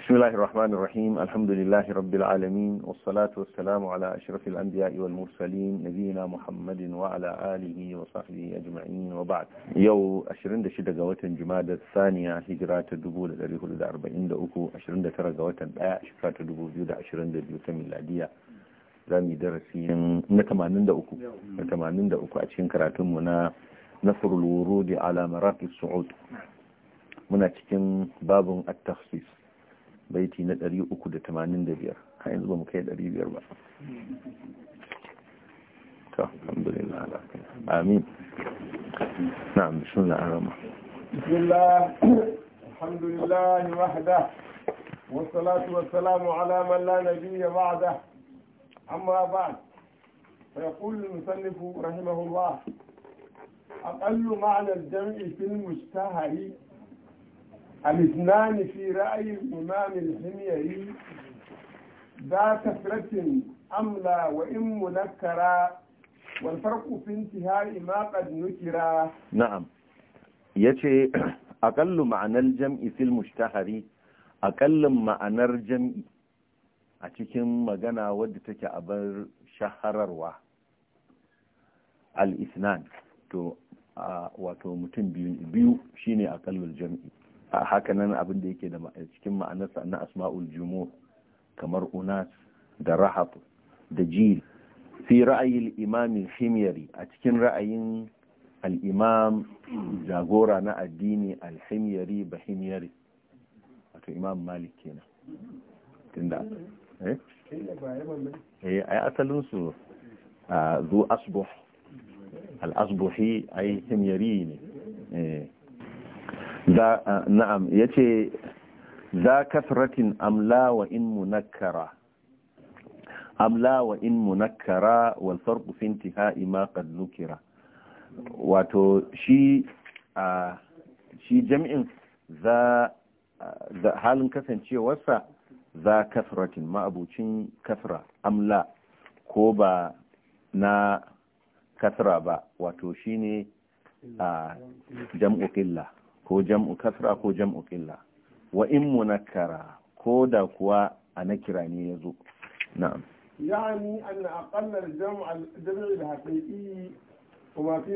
بسم الله الرحمن الرحيم الحمد لله رب العالمين والصلاة والسلام على أشرف الأنبياء والمرسلين نبينا محمد وعلى آله وصحبه أجمعين وبعد يو أشرند شدة قوات جمادة الثانية هجرات الدبول الأريه لدى أربعين دأوكو أشرند ترى قوات الآية شفرات الدبول يدى أشرند اليوتم الأدية رامي درسين نتمانين دأوكو نتمانين دأوكو أتشين كراتمنا نفر الورود على مراكز السعود muna cikin babin at-takhsis baiti na 385 har yanzu ba mu kai 500 ba to alhamdulillah amin na'am bismillah arama bismillah alhamdulillah wahda والصلاة والسلام على من لا نبي بعده أما بعد فيقول المصنف رحمه الله أقل معنى الجمع في المشتهر الاثنان في رأي الإمام الحميري ذا كثرة أملا وإن منكرا والفرق في انتهاء ما قد نكرا نعم يتي أقل معنى الجمع في المشتهر أقل معنى الجمع أتكم مغانا ودتك أبر شهر شهرروا الاثنان تو wato mutum بيو شيني أقل jam'i a hakanan abin da yake da cikin ma'anarsa na asma'ul jumu kamar unas da rahab da jil fi ra'ayin imamin himyari a cikin ra'ayin al'imam jagora na addini alhimyari ba himyari wato imam malik kenan tunda eh eh ai asalin su ah, zu asbuh al asbuhi ai himyari ne eh za na'am yace za kasratin amla wa in munakkara amla wa in munakkara wal farqu fi intihai ma qad nukira wato shi a shi jami'in za halin kasancewarsa za kasratin ma'abucin kasra amla ko ba na kasra ba wato shine a jam'u qilla ko jam’u kasra ko jam’u ƙilla wa in munakara ko da kuwa a nakira ne ya zo na’am ya'ani an a ƙallar jam’ar da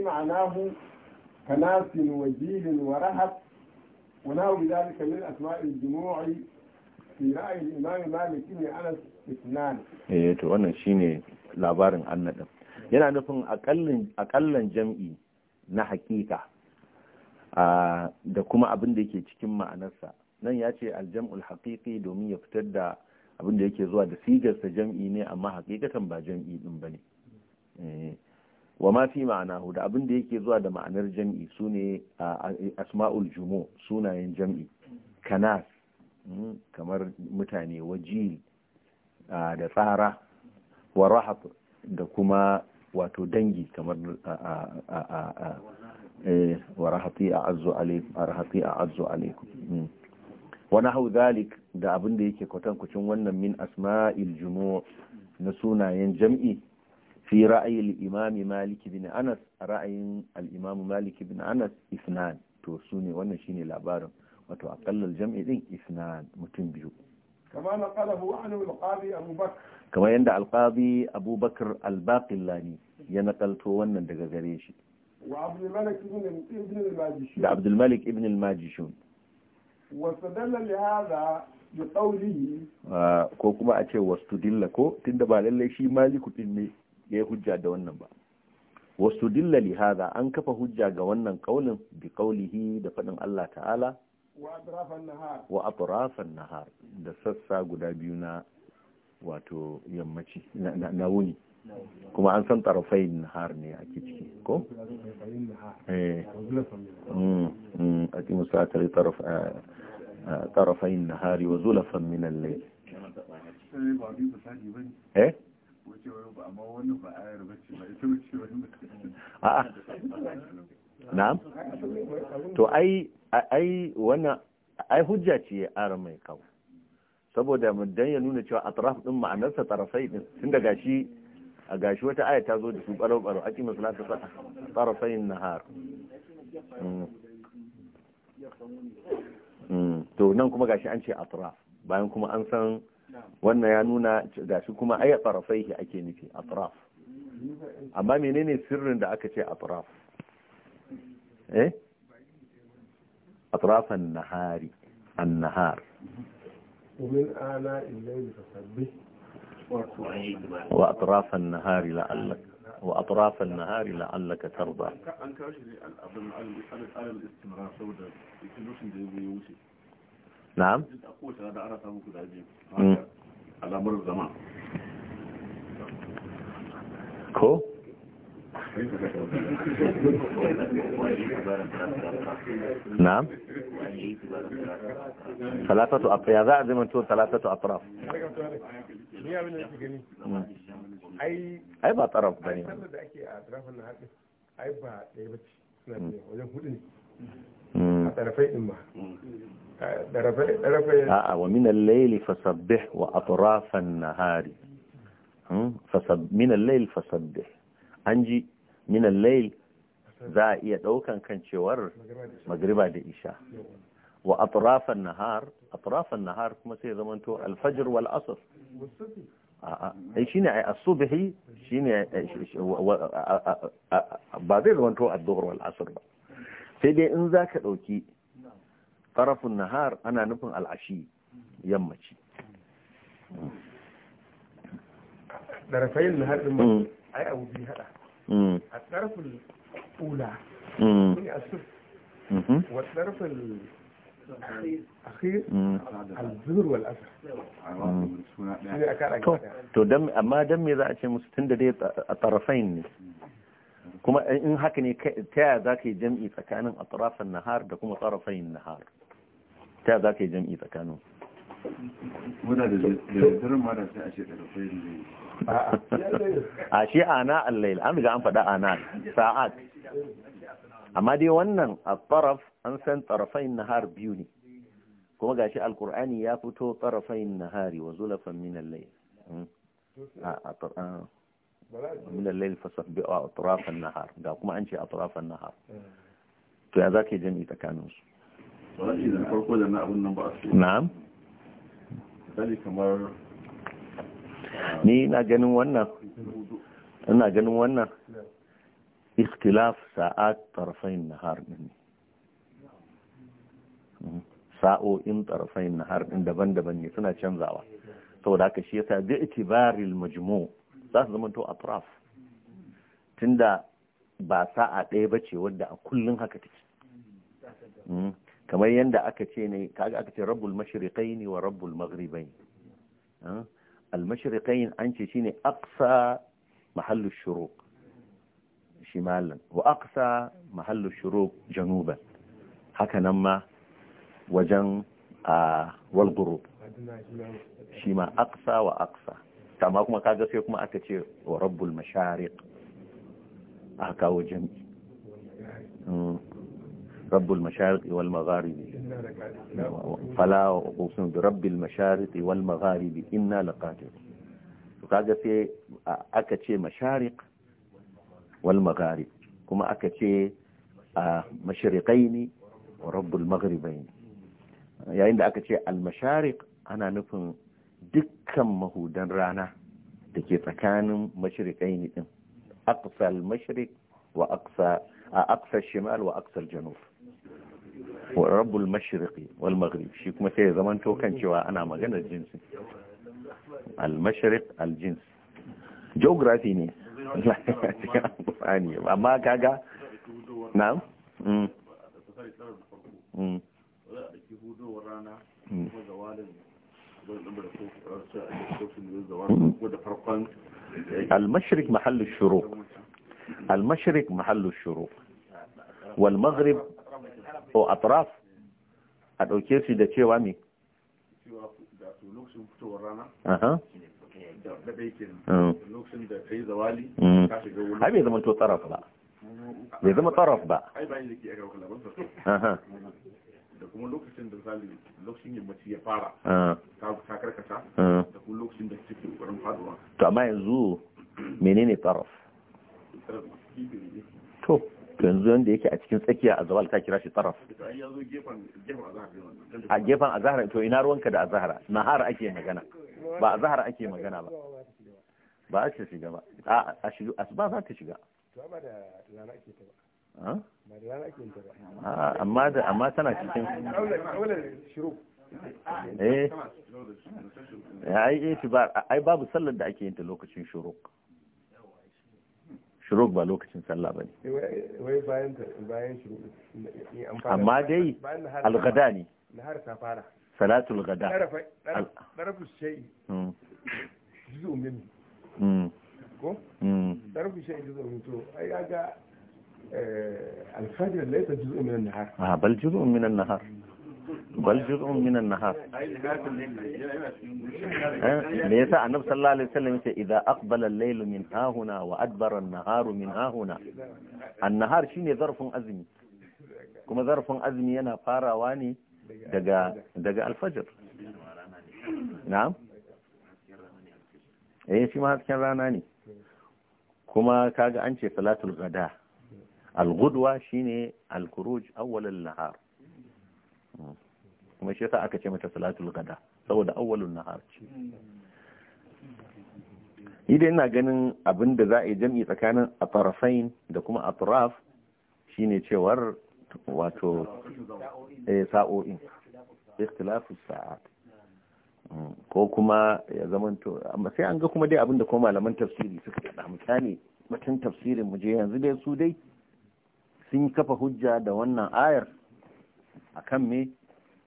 ma'ana hu ka nasin wa wa rahab wana wuri da ka min asuwa jimo'i fi ra'ayin maliki ne ana isnan eh to wannan shine labarin annadin yana nufin aƙallan jam'i na haƙiƙa. da kuma abin da yake cikin ma'anarsa nan ya ce aljam'ul haƙiƙi domin ya fitar da abin da yake zuwa da sigarsa jam'i ne amma haƙiƙatan ba jam'i ɗin ba ne eh, wa ma fi ma'ana da abin da yake zuwa da ma'anar jam'i su ne asma'ul jumo sunayen jam'i kanas hmm, kamar mutane wajil da tsara wa rahab da kuma wato dangi kamar Eh, wa a a'azzu alaikum rahati a'azzu alaikum hmm. wa nahwu zalik da abin da yake kwatankucin wannan min asma'il jumu' na sunayen jam'i fi ra'ayin imami maliki bin anas a ra'ayin al'imamu maliki bin anas isnan to su ne wannan shine labarin wato akallar jam'i din isnan mutum biyu Kama yadda alqadi abubakar albaqillani ya nakalto wannan daga gare shi da abdulmalik ibn al-majishun ah, ko kuma a ce wasu dilla ko tunda ba lallai shi maliku din ne ya yi hujja da wannan ba wasu dilla lihaza an kafa hujja ga wannan kaulin bi kaulihi da faɗin Allah ta'ala wa atrafan nahar da sassa guda biyu na wato yammaci na wuni kuma an san tarafai nahar ne ake ciki ko? a ti musatari tarafai yi wa zulafan minan lai eh? a'a na'am to ai ai wannan ai hujja ce ara mai kawo saboda mu ya nuna cewa atraf din ma'anarsa tarafai din tun daga shi a gashi wata aya ta zo da su barau barau aki masalata sada na har. Mm. Mm. to nan kuma gashi an ce atraf bayan kuma an san wannan ya nuna gashi kuma aya tsarafaihi ake nufi atraf amma menene sirrin da aka ce atraf eh fa nahari an nahar ومن آلاء الليل فسبح وأطراف النهار لعلك وأطراف النهار لعلك ترضى نعم, نعم. كو نعم ثلاثة أطراف هذا زي ما تقول ثلاثة أطراف أي أطراف بني آه، آه، ومن الليل فسبح وأطراف النهار فسب من الليل فسبح أنجي minan lail za a iya ɗaukan kan cewar magriba da isha wa atrafan nahar atrafan nahar kuma sai zamanto alfajr wal asr ai shine ai as-subhi shine ba zai zamanto ad addu'ar wal asr ba sai dai in za ka ɗauki tarafun nahar ana nufin al'ashi yammaci darafayin nahar din mm. ai abu bi hada a tsarfin ula ne a suf wa tsarfin akhir al to amma dan me za a ce musu tunda dai a tarafain ne kuma in haka ne ta yaya za ka yi jam'i tsakanin a atrafan nahar da kuma tarafain nahar ta yaya za ka yi jam'i tsakanin muna da zirin ma da sai a ce tarafain ne a shi ana allail an riga an faɗa ana sa'at amma dai wannan a taraf an san tarafain nahar biyu ne kuma gashi alkur'ani ya fito tarafain nahari wa zulafan min allail hmm? min allail fasabbi a atrafan nahar ga kuma an ce atrafan nahar to ya zaka ita kanin su na'am kamar ni ina ganin wannan ina ganin wannan ikhtilaf sa'at tarfain nahar din. Hmm. sa'o'in tarfain nahar din daban-daban ne suna canzawa saboda haka shi yasa bi itibaril majmu za su zama to atraf tunda ba sa'a ɗaya ba ce wadda a kullun haka take hmm. kamar yadda aka ce ne kaga aka ce rabbul mashriqaini wa rabbul maghribaini hmm. al-mashriqain shine aqsa mahallu shuruq shimalan wa aqsa mahalin shuruq januban hakanan ma wajen a wal ghurub shi ma aqsa wa aqsa amma kuma kaga sai kuma aka ce wa rabbul mashariq aka kawo jami'i رب المشارق والمغارب فلا أقسم برب المشارق والمغارب إنا لقادر kaga sai aka ce masharik wal magharib kuma aka ce mashariqaini wa rabbul maghribaini yayin da aka ce al ana nufin dukkan mahudan rana da ke tsakanin mashariqaini din Aksal mashriq wa aksa a aqsal shimal wa aqsal janub rabbul mashriqi wal maghrib shi kuma sai ya zamanto kan cewa ana maganar jinsi al mashriq al jins geography ne amma kaga na'am المشرق محل الشروق المشرق محل الشروق والمغرب o atraf a ɗauke su da cewa me lokacin fitowar rana da mm. lokacin da ka yi zawali mm. ka shiga bai zama to tsaraf ba bai zama tsaraf ba ai bayan da ke aka da kuma lokacin da lokacin yammaci ya fara ta karkata da kuma lokacin da faduwa to amma yanzu menene tsaraf to yanzu wanda yake a cikin tsakiya a zawal ka kira shi taraf a gefen zahara to ina ruwanka da na hara ake magana ba zahara ake magana ba ba a ce shiga ba a shiga ba za ta shiga amma da amma tana cikin eh ai eh, ai babu sallar da ake yin ta lokacin shuruk شروق با لوكشن سلا بني وي باين باين اما دي الغداني نهار سفارة صلاة الغداء نعرف الشيء جزء مني نعرف الشيء جزء مني اي اجا آه، الفجر ليس جزء من النهار آه، بل جزء من النهار bal juz'un minan nahar me yasa annabi sallallahu alaihi wasallam yace idza aqbala al-layl min hahuna wa adbara an-naharu min hahuna an-nahar shine zarfin azumi kuma zarfin azumi yana farawa ne daga daga al-fajr na'am eh shi ma hasken rana ne kuma kaga an ce salatul gada al-ghudwa shine al-khuruj awwal an-nahar kuma shi yasa aka ce mata salatul gada saboda awwalun nahar ce ni dai ina ganin abin da za a yi jam'i tsakanin atrafain da kuma atraf shine cewar wato eh sa'o'in ikhtilafu sa'at ko kuma ya zamanto amma sai an ga kuma dai abin da ko malaman tafsiri suka da misali batun tafsirin mu je yanzu dai su dai sun kafa hujja da wannan ayar akan me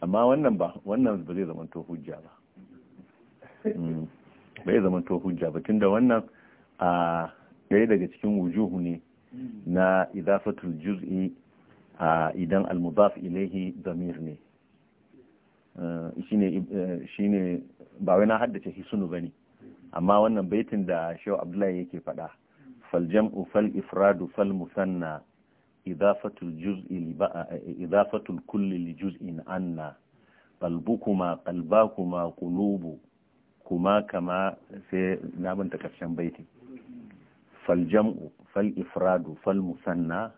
amma wannan ba wannan ba zai to hujja ba hmm. zama to hujja ba tunda wannan a ɗaya daga cikin wujuhu ne na idafatul juz'i a idan almudaf ilaihi zamir ne eh, shine eh, ba wai na haddace hisunu bane amma wannan baitin da shehu abdullahi yake faɗa fal jam'u fal ifradu fal musanna idafatul kulli li juz'in anna qalbukuma qalbakuma qulubu kuma kama sai na manta karshen baitin fal jam'u fal ifradu fal musanna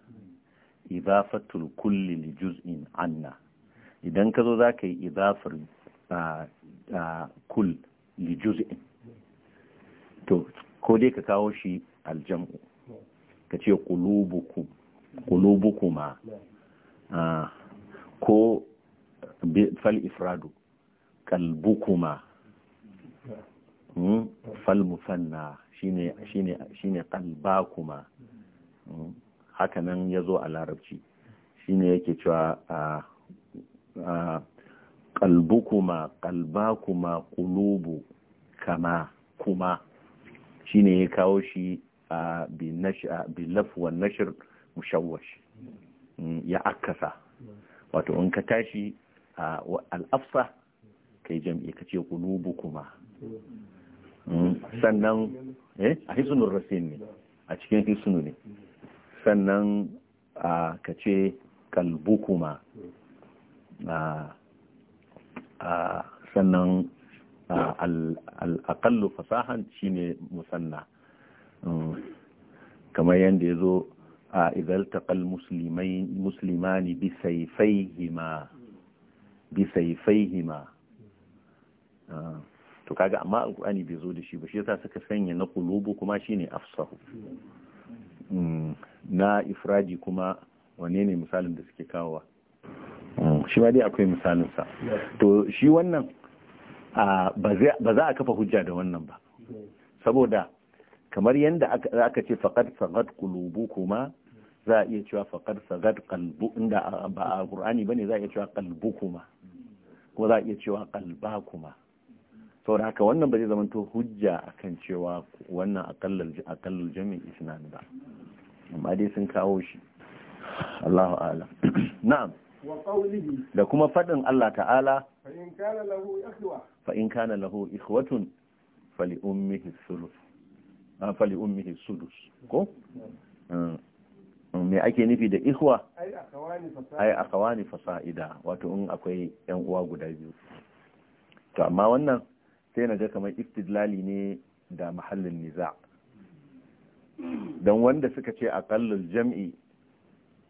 idafatul kulli li juz'in anna idan ka zo za yi idafar kul li juz'in to ko dai ka kawo shi aljam'u ka ce qulubukum kulubukuma ah, ko fal ifradu kalbukuma hmm? fal musanna shine ne kalbakuma hmm? haka nan ya zo a larabci shine yake cewa a ah, kalbukuma ah, kalbakuma kulubu kama kuma shine ya kawo shi a bi nashir mushawwash mm, ya akasa wato in ka tashi al'afsa kai jam'i ka ce kulubu kuma mm, eh, sannan a rasin a cikin hisunu ne sannan ka ce kalbu kuma sannan al'akallu fasahan shine musanna mm, kamar yadda ya zo إذا التقى المسلمين المسلمان بسيفيهما بسيفيهما to kaga amma alkur'ani bai zo da shi ba shi yasa suka sanya na kulubu kuma shine afsahu na ifradi kuma wane ne misalin da suke kawowa shi ma dai akwai misalin sa to shi wannan ba za a kafa hujja da wannan ba saboda kamar yadda aka ce faƙad sagat kulubu kuma za a iya cewa faƙad sagat kalbu inda ba a ƙur'ani ba ne za a iya cewa kalbu kuma ko za a iya cewa kalba kuma da haka wannan ba zai zama to hujja akan cewa wannan akallar jami'in isnan ba amma dai sun kawo shi Allahu a'lam na'am da kuma faɗin Allah ta'ala fa in kana lahu ikhwatun fali ummihi thuluth fali ummihi sudus ko eh, eh, me ake nufi da ikhwa ai akawani fasa'ida wato in akwai yan uwa guda biyu to amma wannan sai na ga kamar istidlali ne da mahallin niza don wanda suka ce a aqallul jam'i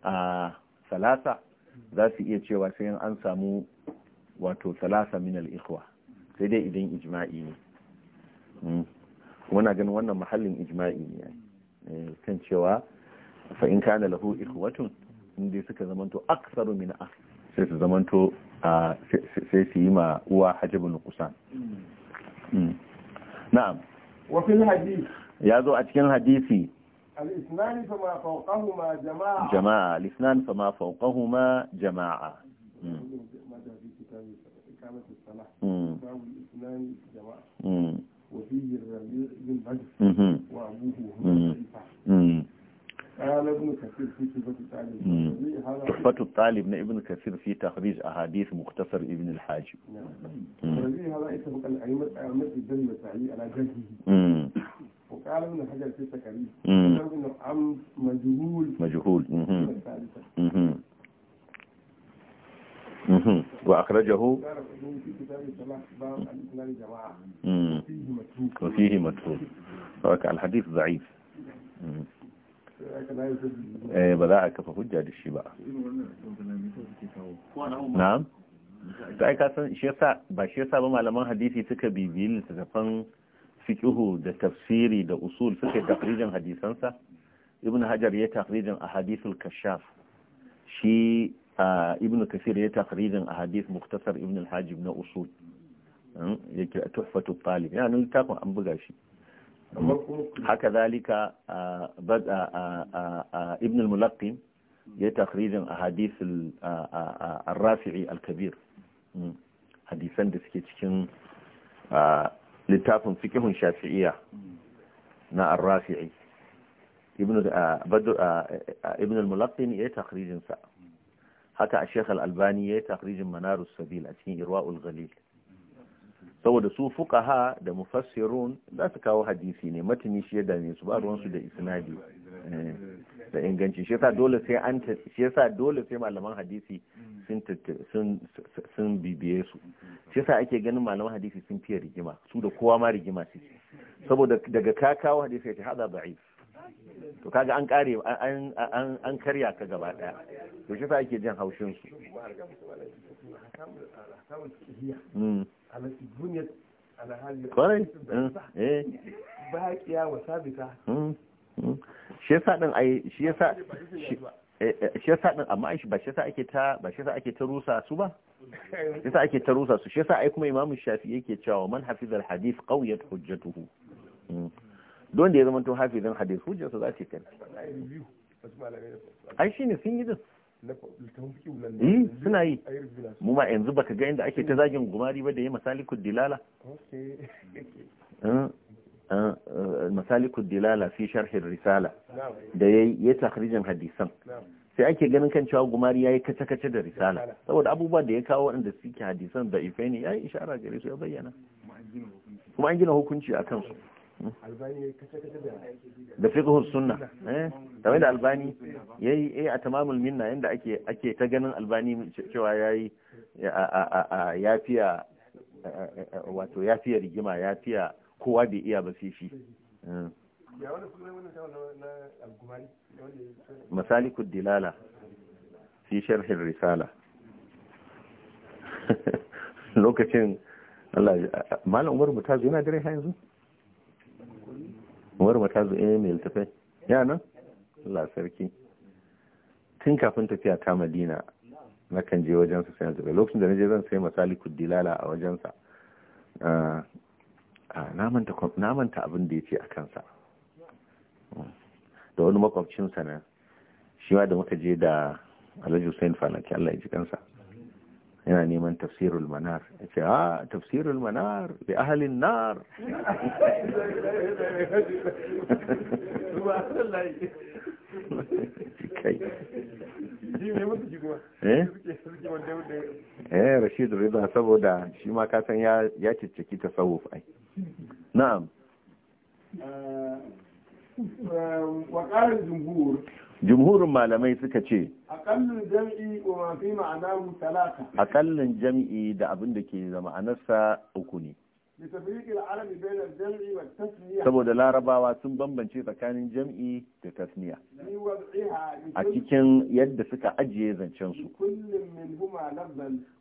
a salasa za su iya cewa sai an samu wato salasa minal al sai dai idan ijma'i ne hmm. muna ganin wannan mahallin ijma'i ne eh, kan cewa fa in kana lahu ikhwatun inda suka zamanto aksaru min akh sai su zamanto sai su yi ma uwa hajabun kusan hmm. na'am wa fil hadith ya zo a cikin hadisi al-isnan fa ma fawqahuma jama'a jama'a al fa ma fawqahuma jama'a hmm. تحفة الطالب من ابن كثير في تخريج أحاديث مختصر ابن الحاج نعم وقال ابن حجر في تكاليف أنه عم مجهول مجهول وأخرجه وفيه متروك وفيه متروك الحديث ضعيف eh ba za a kafa hujja da shi ba na'am sai ka san shi yasa ba shi yasa ba malaman hadisi suka bibiyi littafan fiqhu da tafsiri da usul suka hadisan hadisansa ibn hajar ya takrijin ahadithul kashaf shi ibn kasir ya takrijin ahadith muktasar ibn hajib na usul hmm, yake tuhfatu talib yana littafin an buga shi هكذلك آه، بدا آه، آه، ابن الملقن يتخريج احاديث الرافعي الكبير حديثا دسكي cikin littafin fikihun shafi'iyya na ar ابن بدا ابن الملقن يتخريج هكذا الشيخ الالباني يتخريج منار السبيل اسمه ارواء الغليل saboda su fuqaha da mufassirun za su kawo hadisi ne matani shi da ne su ba ruwansu da isnadi eh, da inganci shi yasa dole sai an shi yasa dole sai malaman hadisi sun sun sun bibiye su shi yasa ake ganin malaman hadisi sun fiye rigima su da kowa ma rigima su saboda daga ka kawo hadisi ya hada da'if to kaga an kare an an an karya ka gaba daya to shi yasa ake jin haushin su hmm. kwarai baƙiya wa sabita shi yasa din ai shi yasa shi yasa din amma ai ba shi yasa ake ta ba shi yasa ake ta rusa su ba shi yasa ake ta rusa su shi yasa ai kuma imamu shafi yake cewa man hafiz al hadith qawiyat hujjatuhu don da ya zama to hafizin hadith hujjarsa za ta kai ai shine sun yi din Hmm, suna yi mu ma yanzu baka ga inda ake ta hmm. zagin gumari ba da ya masalikud dilala hmm, eh, masalikud dilala fi sharhin risala da ya yi takhrijin hadisan sai ake ganin kan cewa gumari ya yi kace kace da risala saboda abubuwan da ya kawo waɗanda suke hadisan da ife ne yayi ishara gare su ya bayyana kuma an gina hukunci a kansu da fiqhus sunna eh kamar da albani yayi eh a tamamul minna inda ake ake ta ganin albani cewa yayi a yafiya wato yafiya rigima yafiya kowa bai iya ba fifi eh. masalikud dilala fi sharhin risala lokacin Allah malam Umar Mutazu yana dare ha yanzu warwa ta zo eh mai tafai, ya nan Allah sarki tun kafin tafiya ta Madina na kan je wajen sa sai da lokacin da na je zan sai masalikud lala a wajen sa ah, ah, na manta abin da ce a kansa hmm. da wani makwabcin sa na shi ma da muka je da Alhaji Hussein Falaki Allah ya ji kansa yana neman tafsirul manar ya ce a ah, tafsirul manar bi ahalin nar eh? eh rashid rida saboda shi ma kasan ya cicciki tasawuf ai na'am wa jumhur jumhurin malamai suka ce A akallin jam'i da abin da ke a nasa uku ne saboda larabawa sun bambance tsakanin jam'i da tasniya a cikin yadda suka ajiye zancensu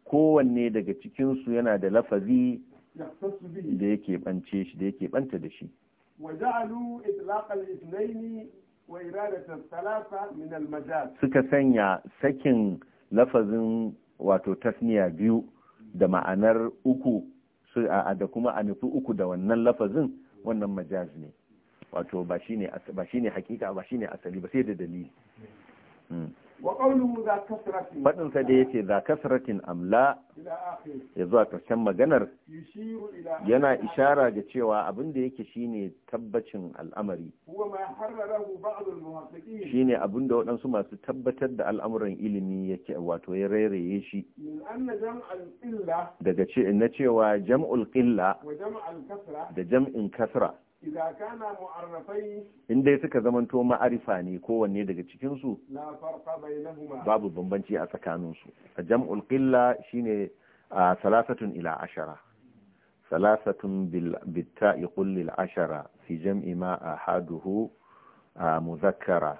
kowanne daga cikinsu yana da lafazi da yake bance shi da yake banta da shi suka sanya sakin lafazin wato tasniya biyu da ma'anar uku da kuma a nufi uku da wannan lafazin wannan majaz ne wato ba shine hakika ba shine asali ba sai da dalili hmm. Faɗin da ya ce za kasratin amla ya zuwa karshen maganar yana ishara ga cewa abin da yake shine tabbacin al'amari shine abin da waɗansu masu tabbatar da al'amuran ilimi yake wato ya rairaye shi daga ce na cewa jam'ul ƙilla da jam'in kasra In dai suka zamanto ma'arifa ne kowanne daga cikin su babu bambanci a tsakanin su jam'ul qilla shine salasatun ila ashara salasatun bil bitta'i qul ashara fi jam'i ma ahaduhu muzakkara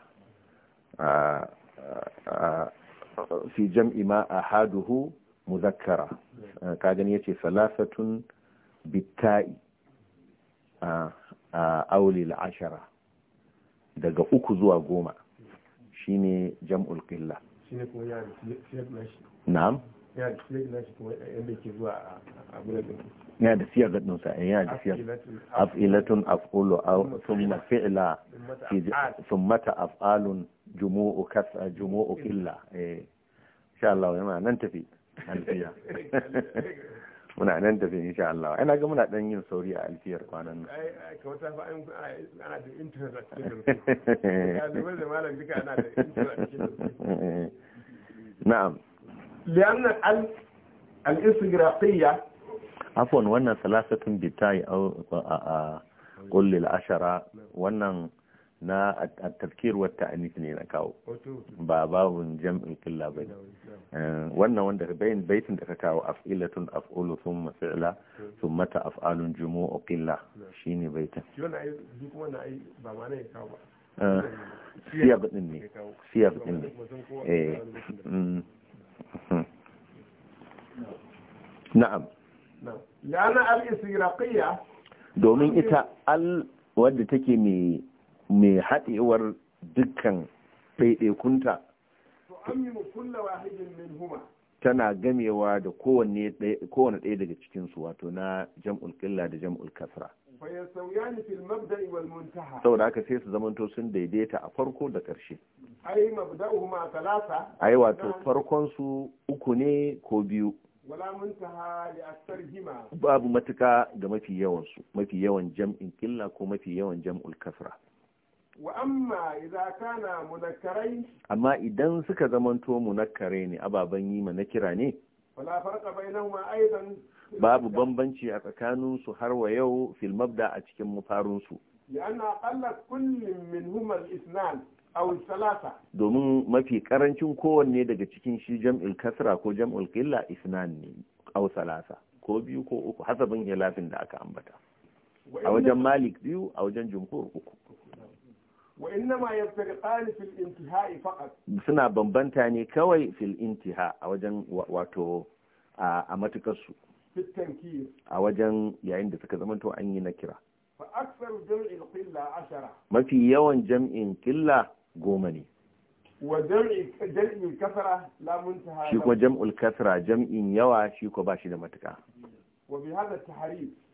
fi jam'i ma ahaduhu muzakkara ka gani yace salasatun bitta'i Auli ashara daga uku zuwa goma shi ne jam'ul ƙilla. ya da siyar a ga dinsa eh, ya da siyar af'ilatun af'ulu thumma fi'la thumma af'alun jumu'u eh, jumu'u eh insha Allah yana nan tafi alfiya muna nan da zai insha Allah ina ga muna dan yin sauri a alfiyar kwanan nan ai ka wata fa ana da internet a cikin da malam duka ana da internet a cikin na'am li'anna al al-isgraqiyya afwan wannan salasatun bitai au a kullil ashara wannan na tafkir wata anis ne na kawo ba babun jam'in killa ba eh, wannan wanda bayin baitin da ka kawo af'ilatun af'ulu thumma fi'la hmm. thumma ta'falun jumu'u qilla hmm. shine baitin shi ne kawo ba eh, siyaq din ne siyaq din ne eh hmm. na'am la'ana al-israqiyya domin ita al wadda take mai mai haɗewar dukkan ɗaiɗaikunta tana gamewa da kowane ɗaya daga cikinsu wato na jam'ul ƙilla da jam'ul kasra saboda haka sai su zamanto sun daidaita a farko da ƙarshe ai wato farkonsu uku ne ko biyu babu matuka ga mafi yawansu mafi yawan jam'in ƙilla ko mafi yawan jam'ul kasra amma idan suka zamanto munakkare ne ababen yi ma na kira ne babu bambanci a tsakanin su har wa yau fil mabda a cikin mafarin su domin mafi karancin kowanne daga cikin shi jam'il kasra ko jam'il qilla isnan ne aw salasa ko biyu ko uku hasabin hilafin da aka ambata a wajen malik biyu a wajen jumhur uku suna bambanta ne kawai fil intiha a wajen wato a matukarsu a wajen yayin da suka zamanto an yi na kira mafi yawan jam'in killa goma ne shi kuma jam'ul kasra jam'in yawa shi ko ba shi da matuka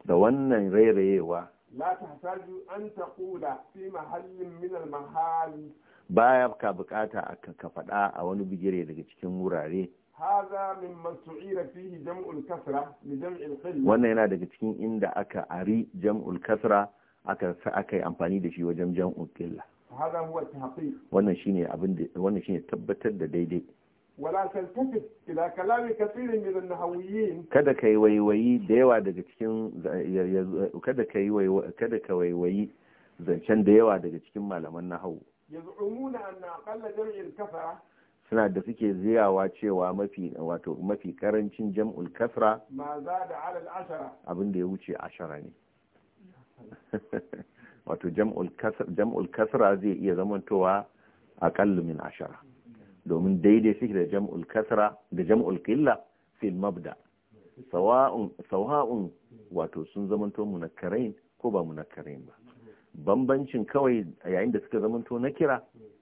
da wannan rairayewa لا تحتاج an تقول fi mahallin من المحال mahali baya ka bukata ka faɗa a wani bigire daga cikin wurare هذا من استعير فيه جمع الكثرة لجمع القلة wannan yana daga cikin inda aka ari jam'ul kasra aka yi amfani da shi wajen qilla هذا هو التحقيق wannan shine abin wannan shine tabbatar da daidai wala taltafit kalami كثير من النهويين كذا da cikin kada kai kada ka waiwayi zancen da yawa daga cikin malaman nahawu yaz'umuna anna aqalla jam'il kafara suna da suke ziyawa cewa mafi wato mafi karancin jam'ul kasra ma ashara abin da ya wuce ashara ne wato jam'ul kasra zai iya zamantowa aqallu min ashara domin daidai suke da jam'ul kasra da jam'ul qilla fil mabda sawa'un wato sun zamanto munakkarain ko ba mu munakkarain ba bambancin kawai yayin da suka zamanto nakira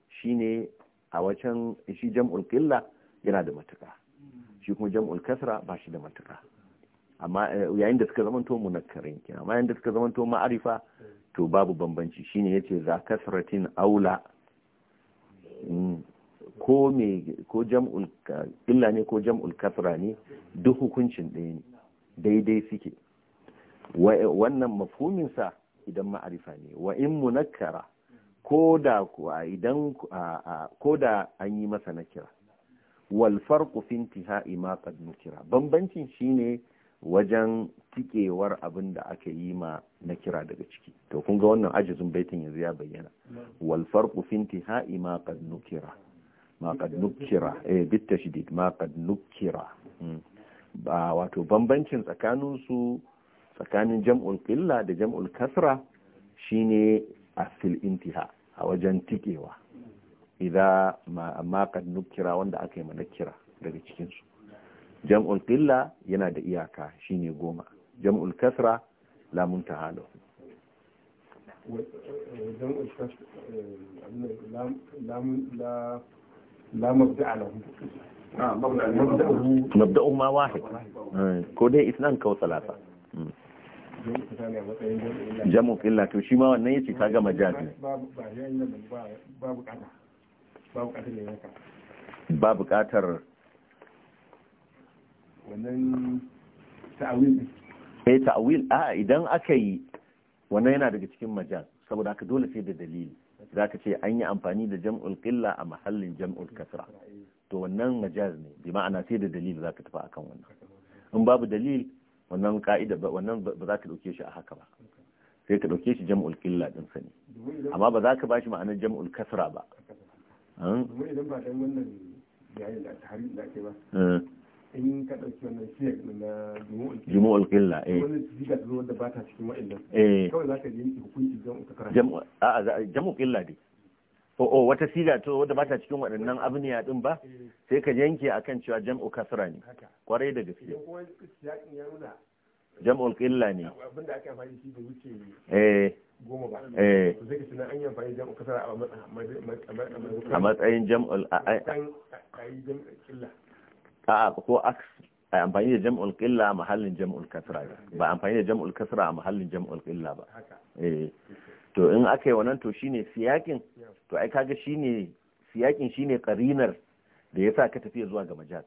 shine a wacan shi jam'ul qilla yana da matuka shi kuma jam'ul kasra ba shi da matuka amma eh, yayin da suka zamanto munakkarin kina amma yayin da suka zamanto ma'arifa to babu bambanci shine yace za kasratin aula hmm. ko me ko jam'ul illa ne ko jam'ul kasra ne duk hukuncin ɗaya ne daidai suke wannan mafhumin sa idan ma'arifa ne wa in munakkara ko da idan ko da an yi masa nakira wal farqu fi intihai ma qad nukira bambancin shine wajen tikewar abin da aka yi ma na kira daga ciki to kun ga wannan ajizun baitin yanzu ya bayyana wal farqu fi intihai ma qad nukira ma kad nukira eh bit ma kad nukira hmm. ba wato bambancin tsakanin su tsakanin jam'ul qilla da jam'ul kasra shine a fil intiha a wajen tikewa idza ma kad nukira wanda aka yi mana kira daga cikin su jam'ul qilla yana da iyaka shine goma jam'ul kasra la muntaha eh, jam'ul kasra eh, la la mabda'a lahu mabda'u ma wahid ko dai isnan kaw salasa jamu illa to shi ma wannan yace kaga majazi ba bukatar wannan ta'awil eh ta'awil a idan aka yi wannan yana daga cikin majaz saboda haka dole sai da dalili za ka ce an yi amfani da jam'ul ƙilla a mahallin jam'ul kasra to wannan majaz ne bi ma'ana sai da dalil za ka tafi akan wannan in babu dalil wannan ka'ida ba wannan ba za ka ɗauke shi a haka ba sai ka ɗauke shi jam'ul ƙilla ɗin sa ne amma ba za ka ba shi ma'anar jam'ul kasra ba. in ka ɗauki wannan shiyar na jumu'ul qilla eh wannan siga ta wanda ba ta cikin wa'annan eh kawai zaka yi hukunci jam'u ta karanta jam'u a jam'u qilla dai o o wata siga to wadda ba ta cikin waɗannan abniya din ba sai ka yanke akan cewa jam'u kasra ne kwarai da gaske Jam'u qilla ne abinda aka amfani shi da wuce eh goma ba eh zai ka an yi amfani jam'u kasra a matsayin jam'u. a yi jam'ul qilla A'a ko aks a amfani da jam'ul qilla a mahallin jam'ul kasra ba amfani da jam'ul kasra a mahallin jam'ul qilla ba eh to in aka yi wannan to shine siyakin to ai kaga shine siyakin shine qarinar da yasa ka tafi zuwa ga majaz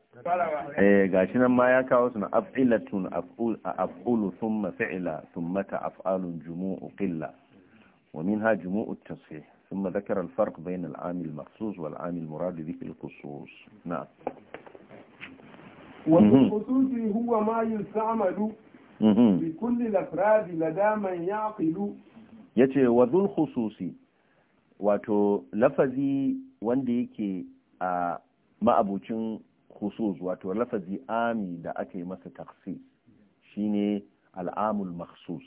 eh gashi nan ma ya kawo su na af'ilatun af'ul af'ulu thumma fi'la thumma ta'af'alun jumu'u qilla wa minha jumu'u at-tasfih ثم ذكر الفرق بين العام المخصوص والعام المراد به الخصوص نعم والخصوصي هو ما يستعمل يعقل yace wa khususi wato lafazi wanda yake a ma'abucin khusus wato lafazi ami da aka yi masa taksi shine al'amul makhsus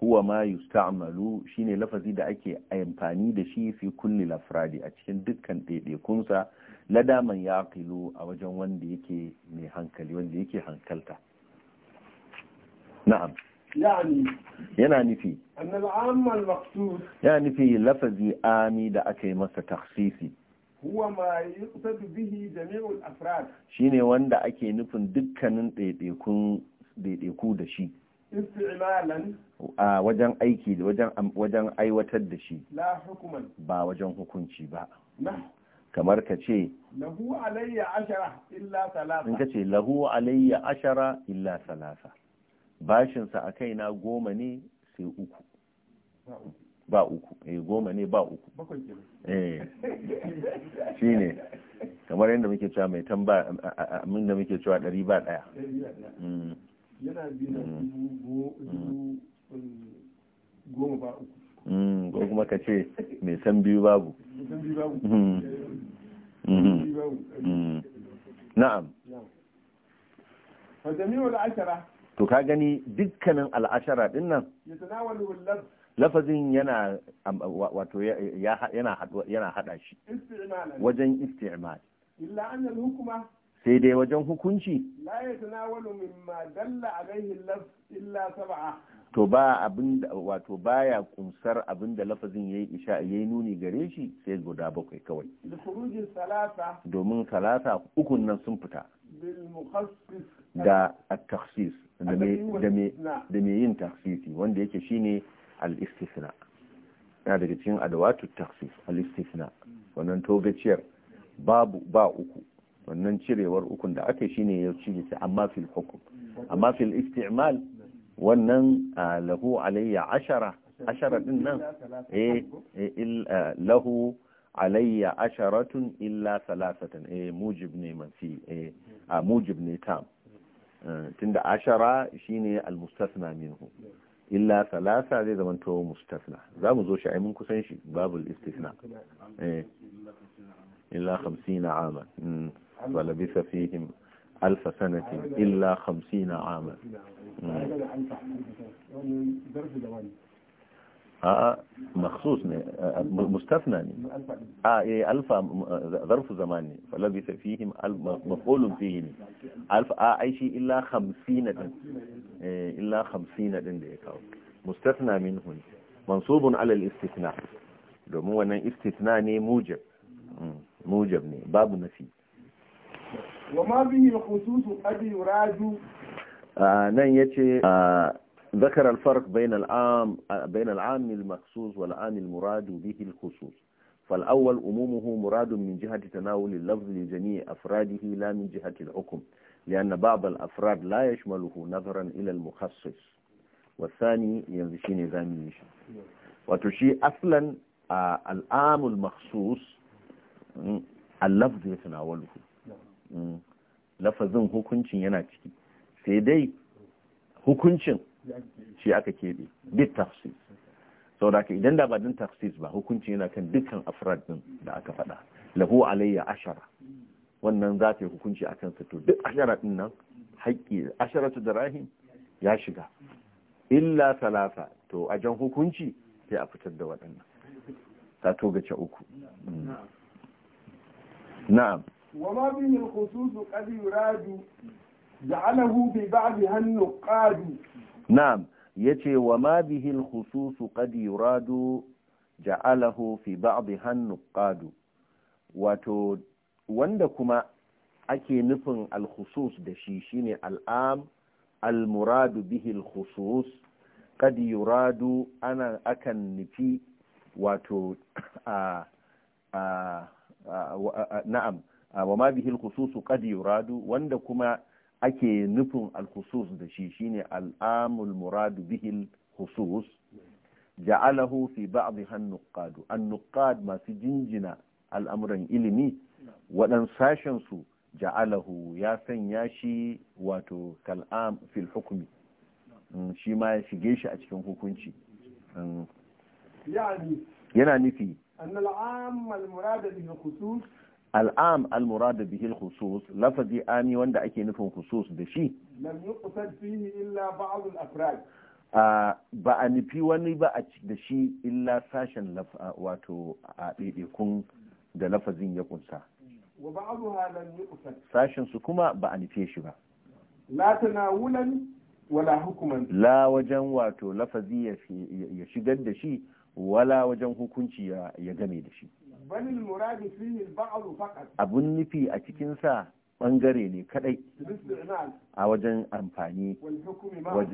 huwa ma yusta'malu shine lafazi da ake amfani da shi fi kulli lafradi a cikin dukkan ɗaiɗaikunsa nadaman ya kilo a wajen wanda yake mai hankali wanda yake hankalta na'am yana nufi yana nufi lafazi ami da aka yi masa taksisi huwa ma yuqsadu bihi jami'ul afrad shine wanda ake nufin dukkanin ɗaiɗaikun ɗaiɗaiku da shi isti'malan a wajen aiki da wajen wajen aiwatar da shi la hukuman ba wajen hukunci ba kamar ka ce lahu alayya ashara illa salasa in ka ce lahu alayya ashara illa salasa bashinsa a kaina goma ne sai uku ba uku eh goma ne ba uku eh shine kamar yadda muke cewa mai tamba min da muke cewa ɗari ba ɗaya mm. yana mm. um, goma ba uku Mm, ko eh. kuma ka ce mai san biyu babu na'am to ka gani dukkanin al'ashara din nan lafazin yana wato yana hada shi wajen isti'mal illa hukuma sai dai wajen hukunci la mimma dalla lafz illa sab'a to ba abin wato baya kunsar abin da lafazin yayi isha yayi nuni gare shi sai guda bakwai kawai domin salata uku nan sun fita da at-takhsis da me da me yin takhsisi wanda yake shine al-istithna na daga cikin adawatu takhsis al-istithna wannan togaciyar babu ba uku wannan cirewar ukun da aka shine ya cire amma fil hukum amma fil isti'mal wannan lahu alayya ashara ashara din nan eh, eh lahu alayya asharatun illa salasatan eh mujib ne manfi eh a mujib ne tam eh, tunda ashara shine al almustasna minhu illa salasa zai zama to mustasna za mu zo shi ai mun kusan shi babul istisna eh illa 50 aman wala hmm. bisa fihim alf sanatin illa 50 aman a'a makhsus ne mustafna ne a eh alfa zarfu zaman ne falabi ta fihim mafulun ne alfa a illa 50 din eh illa 50 din da ya kawo mustafna minhu mansubun ala al domin wannan istithna ne mujab hmm, mujab ne babu nafi wa ma bihi khususu qad nan ya ce zakar alfark bayan al'ami maksus wa al'ami muradu bihi khusus fal'awwal umumuhu muradun min jihati tanawuli lafzin jami'i afradihi la min jihati hukum lianna babu al'afrad la ya shmaluhu nazaran ilal mukhassis wasani yanzu shi ne zami nishi wato shi asalan al'amul maksus lafzin tanawuli lafazin hukuncin yana ciki sai dai hukuncin shi aka keɓe bit tafsir da ka idan da ba din tafsir ba hukunci yana kan dukkan afrad din da aka faɗa lahu alayya ashara wannan za ta yi hukunci a kansa to duk ashara din nan haƙƙi ashara da darahim ya shiga illa talata to a jan hukunci sai a fitar da waɗannan ta togace uku mm. na'am ma bihi al-khusus qad yuradu ja'alahu bi hannu qadu na'am yace wa ma bihi al-khusus qad yuradu ja'alahu fi ba'di hannu qadu wato wanda kuma ake nufin al-khusus da shi shine al'am al-muradu bihi al-khusus yuradu ana akan nufi wato a na'am wa ma bihil al-khusus yuradu wanda kuma ake nufin al-khusus da shi shine al'amul murad bihil khusus ja'alahu fi ba'dhi an-nuqad an-nuqad masu jinjina al'amuran ilimi waɗan sashen su ja'alahu ya sanya shi wato kal'am fil hukmi mm, shi ma ya shige shi a cikin hukunci mm. yana nufi annal bihil khusus al'am al-murad bihi al-khusus lafazi ami wanda ake nufin khusus da shi lam yuqsad fihi illa ba'd al ba a nufi wani ba a da shi illa sashen wato a ɗaiɗaikun da lafazin ya kunsa sashen su kuma ba a nufe shi ba la tanawulan wala hukuman la wajen wato lafazi ya shigar da shi wala wajen hukunci ya game da shi abun nufi a cikin sa bangare ne kadai a wajen amfani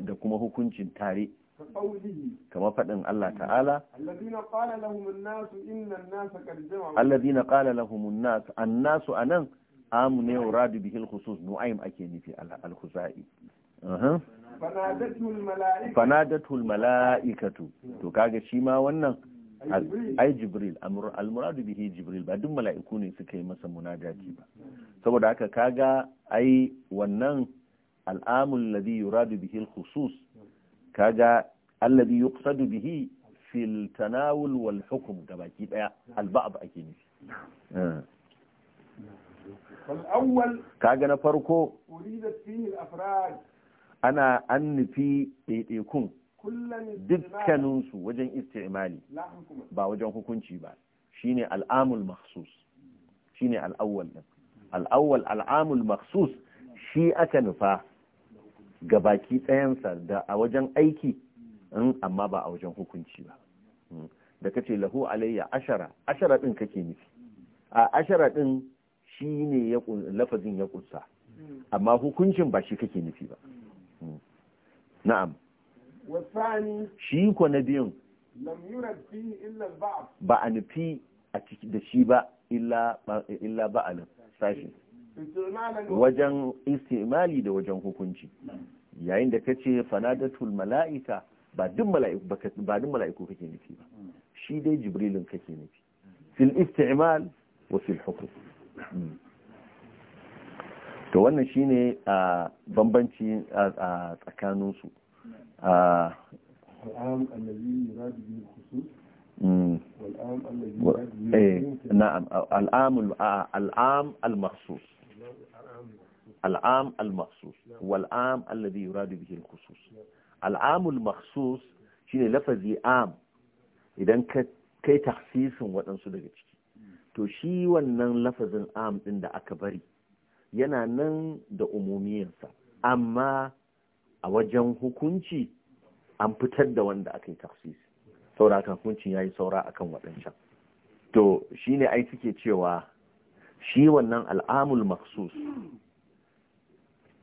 da kuma hukuncin tare kama faɗin Allah ta'ala allazina qala lahumun nas annasu anan amu ne uradu bihil khusus nu'aym ake nufi al-khuzai fanadatul mala'ikatu to kaga shi ma wannan ai jibril almuradu bihi jibril ba duk mala'iku ne suka yi masa munajati ba saboda haka kaga ai wannan al'amul ladhi yuradu bihi al-khusus kaga alladhi yuqsadu bihi fil tanawul wal hukm gabaki daya al-ba'd ake nufi kaga na farko ana an nufi ɗaiɗaikun dukkaninsu wajen istimali ba wajen hukunci ba shine al'amul mahsus shine al'awwal din al'awwal al'amul mahsus shi aka nufa ga baki ɗayansa da a wajen aiki amma ba a wajen hukunci ba hmm. da kace lahu alayya ashara ashara din kake nufi a ashara din shine ya lafazin ya ƙusa? Hmm. amma hukuncin ba shi kake nufi ba hmm. na'am shi ko na biyun ba a nufi a ciki da shi ba illa ba'alin sashi wajen istimali da wajen hukunci yayin da ka ce fanadatul mala'ika ba duk mala'iku kake nufi ba shi dai jibrilin kake nufi fil istimal wa fil hmm. to wannan shine a ah, bambanci a ah, ah, tsakaninsu a na'am al'am al-makhsus al'am al-makhsus wal'am alladhi yuradu bihi al-khusus al'am al-makhsus shine lafazi am idan ka kai tahsisin waɗansu daga ciki to shi wannan lafazin am ɗin da aka bari yana nan da umumiyansa amma a wajen hukunci an fitar da wanda aka yi tafsisi saura kan hukuncin ya yi saura akan waɗancan to shi ne ai suke cewa shi wannan al'amul maksus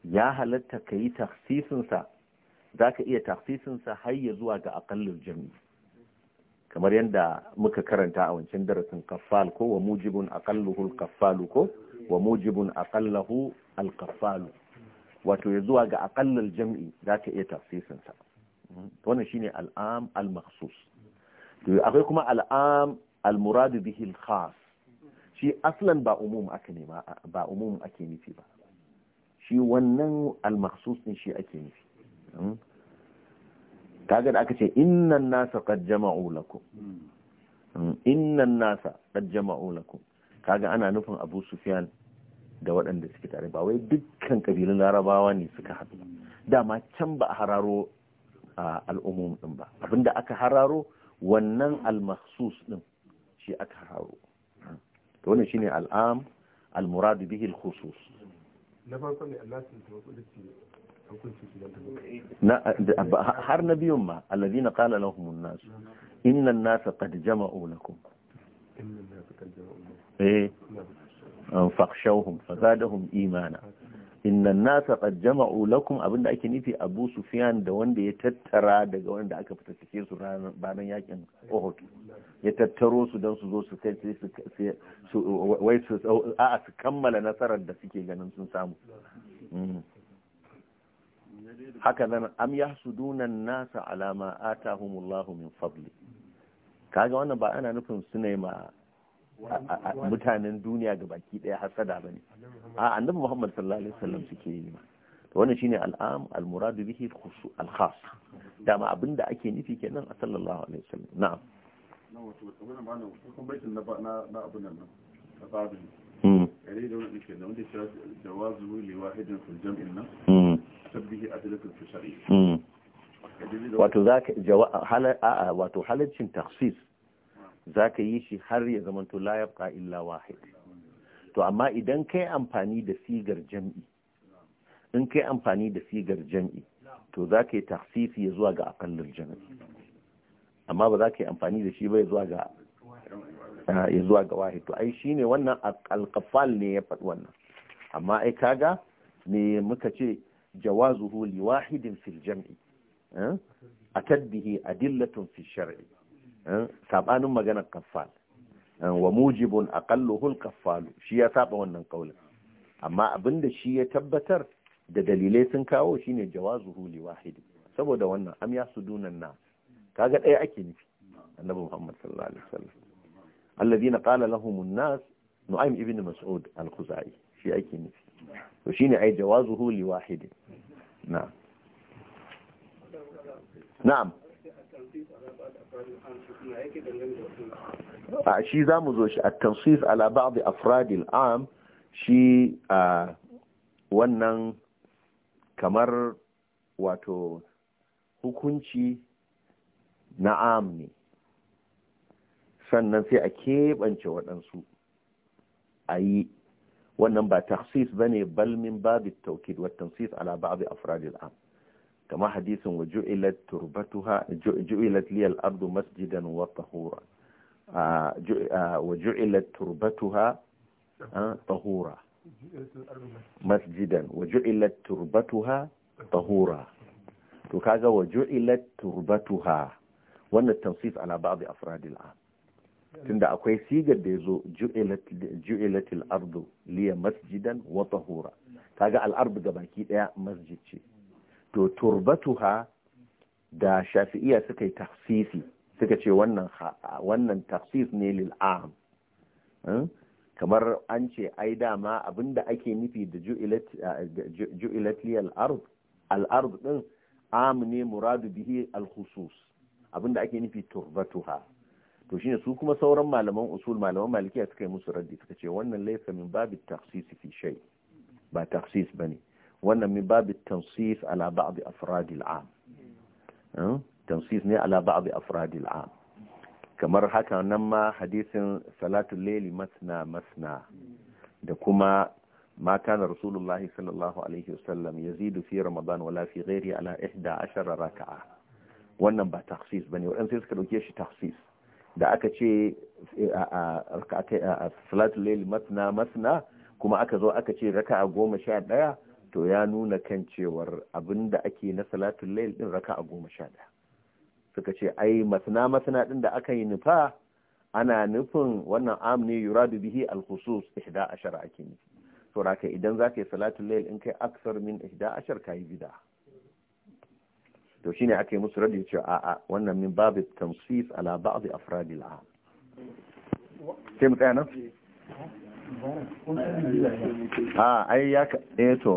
ya halatta ka yi tafsisinsa za ka iya tafsisinsa har ya zuwa ga aƙallar jami kamar yadda muka karanta a wancan darasin kafal ko wa mujibun aƙalluhu al ko wa mujibun aqallahu al-kaffalu wato ya zuwa ga aƙallar jam'i za ka iya tafsirinsa wannan shine al'am al-makhsus akwai kuma al'am al murad bihi al-khas shi aslan ba umum aka ne ba umum ake nufi ba shi wannan al-makhsus din shi ake nufi kaga da aka ce innan nasa qad jama'u lakum hmm. hmm. innan nasa qad jama'u lakum kaga ana nufin Abu Sufyan da waɗanda suke tare ba wai dukkan ƙabilun larabawa ne suka haɗu dama can ba a hararo al'umum ɗin ba abinda aka hararo wannan almasus ɗin shi aka hararo to wannan shine al'am al bihil, bihi al-khusus na farko ne Allah sun har na biyun ma alladhina qala lahum an-nas inna an-nasa qad jama'u lakum eh fakhshawhum fazadahum imana innan nasa qad jama'u lakum abinda ake nufi Abu Sufyan da wanda ya tattara daga wanda aka fita cikin su ranar yakin Uhud ya tattaro su don su zo su kai su wai su a su kammala nasarar da suke ganin sun samu haka nan am yahsuduna nasa ala ma atahumullahu min fadli kaga wannan ba ana nufin su ne ma mutanen duniya ga baki daya hasada bane a annabi Muhammad sallallahu alaihi wasallam suke yi ma wannan shine al'am al-muradu bihi al-khas dama abinda ake nufi kenan a sallallahu alaihi wasallam na'am wato za ka wato halaccin taksis za ka yi shi har ya zamanto la yabqa illa wahid to amma idan kai amfani da sigar jam'i in kai amfani da sigar jam'i to za ka yi taksisi ya zuwa ga akallar jam'i amma ba za ka yi amfani da shi ba ya zuwa ga ah, wahid to ai shi ne wannan alkafal ne ya faɗi wannan amma ai kaga ne muka ce jawazuhu li wahidin fil jam'i eh? a tadbihi adillatun fi shar'i Eh? sabanin maganar kaffal eh, wa mujibun aqalluhul kaffalu shi ya saba wannan kaulin amma abinda shi ya tabbatar da dalilai sun kawo shine jawazu huli wahidi saboda wannan am ya dunan na kaga ɗaya ake nufi annabi Muhammad sallallahu alaihi wasallam alladhina qala lahumun nas nu'aym ibn mas'ud al-khuzai shi ake nufi to shine ai jawazu huli wahidi na'am na'am a shi za mu zo shi a tansif ala ba'd afradil am shi a wannan kamar wato hukunci na am ne sannan sai a keɓance waɗansu a yi wannan ba taksis ba ne balmin babu taukid wa tansis ala ba'd afradil am kama hadisin wa ju'ilat turbatuha ju'ilat liyal ardu masjidan wa tahura wa ju'ilat turbatuha tahura masjidan wa ju'ilat turbatuha tahura to kaga wa ju'ilat turbatuha wannan tansif ala ba'd afrad am tunda akwai sigar da yazo ju'ilat al-ardu liya masjidan wa tahura kaga al-ardu gabaki daya masjid ce to turbatuha da shafi'iya suka yi tafsisi suka ce wannan wannan ne lil am hmm? kamar an ce ai dama abinda ake nufi da ju'ilat liyal ard din am ne muradu bihi al khusus abinda ake nufi turbatuha to shine su kuma sauran malaman usul malaman malikiya suka yi musu raddi suka ce wannan laysa min babit fi shay ba ba bane wannan min babu tansif ala ba'd afrad al'am eh? tansif ne ala ba'd afrad al'am kamar haka nan ma hadisin salatul layli masna masna da kuma ma kana رسول sallallahu alaihi wasallam yazidu fi ramadan wala fi ghairi ala 11 raka'a wannan ba tafsir bane wannan sai suka dauke shi tafsir da aka ce a salatul layl masna masna kuma aka zo aka ce raka'a goma sha daya to ya nuna kan cewar abin da ake na salatun layl din raka a goma sha ɗaya suka ce ai masana masana din da aka yi nufa ana nufin wannan am ne yuradu bihi alkhusus khusus ashar ake nufi to raka idan za ka yi salatun layl in kai aksar min ka yi bid'a to shine aka yi musu radi cewa a'a wannan min babu tamsif ala ba'd afradil am sai mu tsaya nan ai ya eh to